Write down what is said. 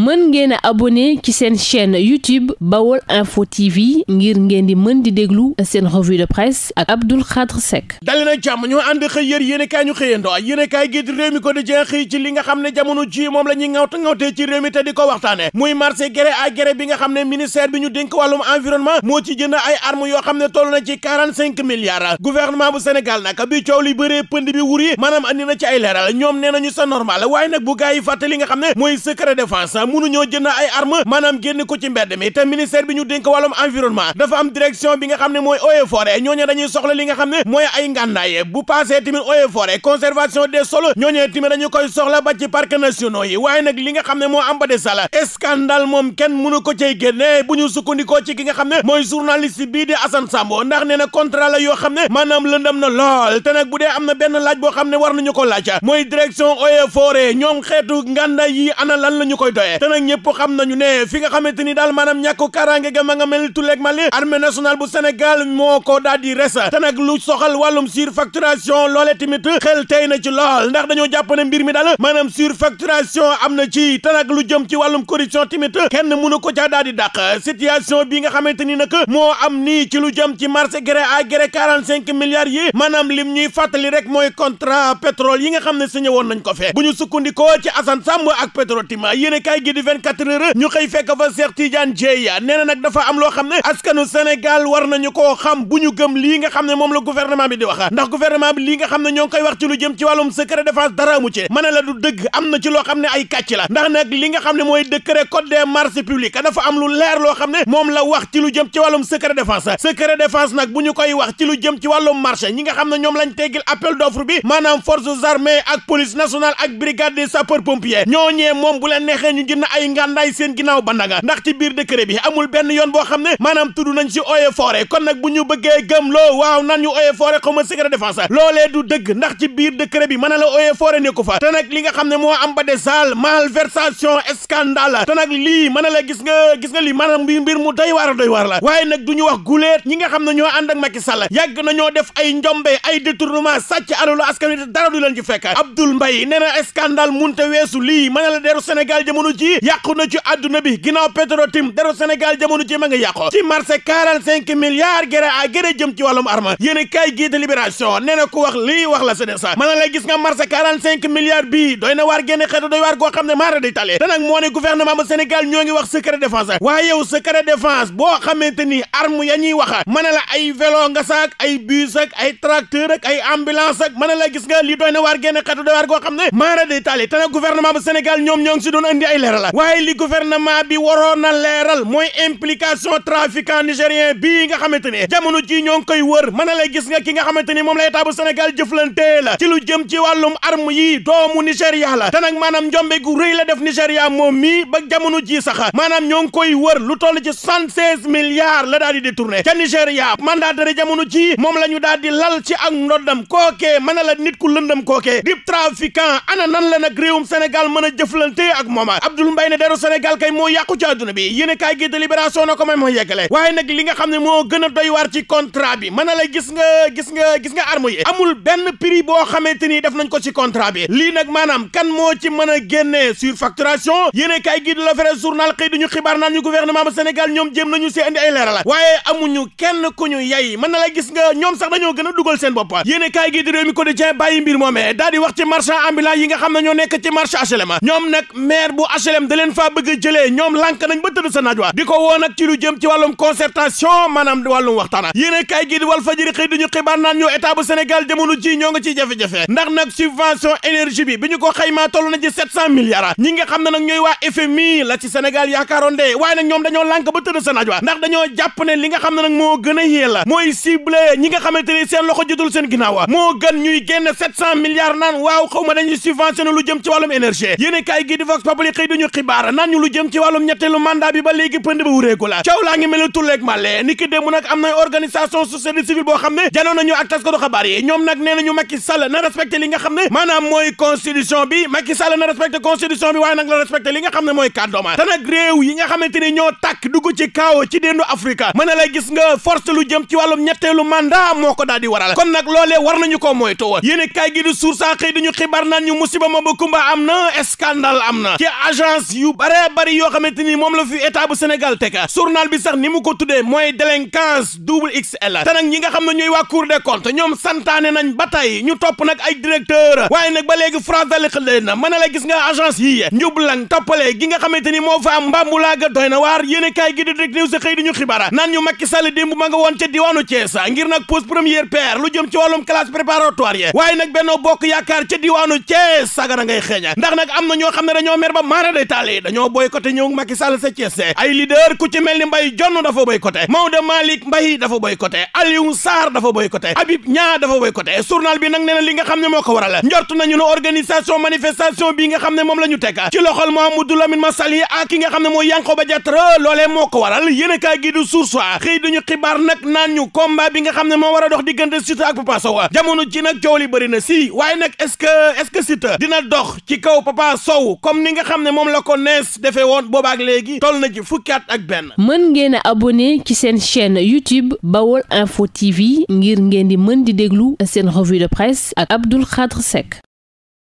mën ngeen a abonné ci seen chaîne YouTube Bawol Info TV ngir ngeen di mën di déglu seen revue de presse ak Abdou Khadre Seck dali jàmm ñoo ànd xëy yér yéen i ñu xëyandoo yéen i kaay di réew mi ko di xëy ci li nga xam ne jamono ji moom la ñuy ŋawta ŋawtee ci réew mi te di ko waxtaane muy marché gré à gré bi nga xam ne ministère bi ñu dénk wàllum environnement moo ci jënd ay armes yoo xam ne toll na ci 45 milliards gouvernement bu Sénégal nag bi coow li bëree pënd bi wuri maanaam andi na ci ay leeral ñoom nee mënuñoo jënd ay arme maanaam génn ko ci mbedd mi te ministère bi ñu dénk wàllum environnement dafa am direction bi nga xam ne mooy eaux et forêt ñooñu dañuy soxla li nga xam ne mooy ay ngàndaay bu passé tamit eaux et forêt conservation des sols ñooñu tamit dañu koy soxla ba ci parcs nationaux yi waaye nag li nga xam ne moo am ba de sala scandale moom kenn munu ko cay génne bu ñu sukkandikoo ci ki nga xam ne mooy journaliste bii di asan Sambo ndax nee na contrat la yoo xam ne maanaam lëndam na lool te bu dee am na benn laaj boo xam ne war nañu ko laaj mooy direction eaux et xeetu ngàndaay yi ana lan la ñu koy doyee te nag ñëpp xam nañu ne fi nga xamante ni daal maanaam ñàkk kaaraange ga ma nga mel tuleeg mali armée nationale bu Sénégal moo ko daal di res te lu soxal wàllum surfacturation loolee tamit xel tey na ci lool ndax dañoo jàpp ne mbir mi daal maanaam surfacturation am na ci te nag lu jëm ci wàllum corruption tamit kenn mënu ko caa daal di dàq situation bi nga xamante ni nag moo am nii ci lu jëm ci marché gré à gré quarante cinq milliards yi maanaam lim ñuy fàttali rek mooy contrat pétrole yi nga xam ne signé woon nañ ko fee bu ñu sukkandikoo ci Assane Samb ak Petro-Tim yéenekaay gi di 24 heures ñu xëy fekk fa Cheikh Tidiane Dieye nee nag dafa am loo xam ne askanu Sénégal war nañu koo xam bu ñu gëm lii nga xam ne moom la gouvernement bi di wax ndax gouvernement bi lii nga xam ne ñoo koy wax jëm ci wàllum secret défense dara amu ci ma la du dëgg am na ci loo xam ne ay kàcc la ndax nag li nga xam ne mooy décret code des marchés publics dafa am lu leer loo xam ne moom la wax jëm ci wàllum secret défense secret teggi na ay ngàndaay seen ginnaaw bandaga ndax ci biir décret bi amul benn yoon boo xam ne maanaam tudd nañ ci eaux et kon nag bu ñu bëggee gëm loo waaw nan ñu eaux et forêts xaw ma secret défense loolee du dëgg ndax ci biir décret bi mën na la eaux et forêts nekku fa te nag li nga xam ne moo am ba de sal malversation scandale te nag lii mën na la gis nga gis nga lii maanaam mbir mu doy waar doy waar la waaye nag du ñu wax guleet ñi nga xam ne ñoo ànd ak Macky Sall yàgg nañoo def ay njombe ay détournement sàcc alalu askan wi dara du leen ci fekk Abdoul Mbaye nee na scandale munte weesu lii mën na la deeru gi yàqu na ci àdduna bi ginnaaw Petro-Tim deru Sénégal jamono ci nga yàqu ci marché quarante cinq milliards gré à gré jëm ci wàllum arme yéen a kaay gii de libération nee na ko wax lii wax la sene sa mën na lay gis nga marché quarante cinq milliards bii doy na waar génn xeetu doy waar koo xam ne maara day tale danag moo ne gouvernement Sénégal ñoo ngi wax secret défense waaye yow secret défense boo xamante ni arme ya wax mën na la ay vélo nga ay bus ay tracteur la na waar génn ñoom ñoo ngi leeral waaye li gouvernement bi waroon na leeral mooy implication trafiquant nigérien bii nga xamante ne jamono ji ñoo ngi koy wër mën na lay gis nga ki nga xamante ni moom la état bu Sénégal jëflantee la ci lu jëm ci wàllum arme yi doomu Nigéria la te nag maanaam njombe gu rëy la def Nigéria moom mii ba jamono ji sax maanaam ñoo ngi koy wër lu toll ci soixante-seize milliards la daal di détourné ca Nigéria mandataire jamono ji moom la ñu daal di lal ci ak ndoddam kookee mën na la nit ku lëndam kookee di trafiquant ana nan la nag réewum Sénégal mën a jëflante ak mooma Abdoul Mbaye ne deru Sénégal kay moo yàqu ci àdduna bi yéen a kaay gi na ko may moo yeggale waaye nag li nga xam ne moo gën a doy waar ci contrat bi mën na la gis nga gis nga gis nga amul benn prix boo xamante ni def nañ ko ci contrat bi lii nag maanaam kan moo ci mën a génnee surfacturation yéen a kaay gi de la vrai journal xëy duñu xibaar naan ñu gouvernement bu Sénégal ñoom jéem nañu si indi ay leeral waaye amuñu kenn ku ñu yay mën na la gis nga ñoom sax dañoo a dugal seen bopp yéen a kaay gi de réew mi quotidien bàyyi mbir HLM da leen faa bëgg a jëlee ñoom lànk nañ ba tëdd sa naaj di ko woo nag ci lu jëm ci wàllum concertation maanaam wàllum waxtaan yéen a kaay gi di wal fajiri xëy duñu xibaar naan ñoo état bu Sénégal jamono ji ñoo nga ciy jafe-jafe ndax nag subvention énergie bi bi ñu ko xaymaa toll na ci sept cent milliards ñi nga xam ne nag ñooy waa FMI la ci Sénégal yaakaaroon de waaye nag ñoom dañoo lànk ba tëdd sa naaj ndax dañoo jàpp ne li nga xam ne moo gën a yéel a kaay gi di ñu xibaar naan ñu lu jëm ci wàllum ñetteelu mandat bi ba léegi pënd ba wureeku la coow laa ngi mel ni tulleeg màlle ni ki démb nag am na organisation société civile boo xam ne janoon nañu ak taskatu xabaar yi ñoom nag nee nañu Macky Sall na respecté li nga xam ne mooy constitution bi Macky Sall na xam ne mooy ñoo tàkk dugg ci ci déndu Afrique mën na la nga force lu jëm ci wàllum ñetteelu mandat moo ko daal waral kon nag loolee war nañu ñu musiba ma ba na scandale am na ci incohérence yu bare bari yoo xamante ni moom la fi état bu Sénégal teg journal bi sax ni mu ko tuddee mooy délinquance double XL te nag ñi nga xam ne ñooy waa Cour des comptes ñoom santaane nañ ba tey ñu topp nag waaye nag ba léegi France dali diwaanu Thiès ngir nag pose première pierre lu jëm ci wàllum classe préparatoire waaye nag Benno Bokk Yaakaar ca diwaanu Thiès sagara nag am na ñoo xam ne dañoo mer ba mara journée de taali dañoo boycotté ñëw Macky Sall sa Thiès ay leader ku ci mel ni Mbaye Jonn dafa boycotté Maodo Malick Mbaye dafa boycotté Aliou Sarr dafa boycotté Habib Niang dafa boycotté journal bi nag nee li nga xam ne moo ko waral njort nañu ne organisation manifestation bi nga xam ne moom la teg ci loxol Mamadou Lamine Massaly ak ki nga xam ne mooy Yankhoba Diattara loolee moo ko waral yéen a kaay gi du A xibaar nag naan ñu combat bi nga a dox moom la ko nees defee woon boobaak léegi toll na ji fukki ak benn mën ngeen a abonné ci seen chaîne YouTube Bawol Info TV ngir ngeen di mën di déglu seen revue de presse ak Abdou Khadre Seck